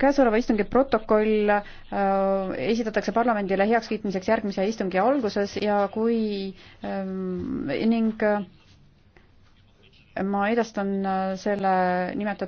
käesoleva istungi protokoll äh, esitatakse parlamendile heakskiitmiseks järgmise istungi alguses ja kui ähm, ning äh, ma edastan äh, selle nimetatud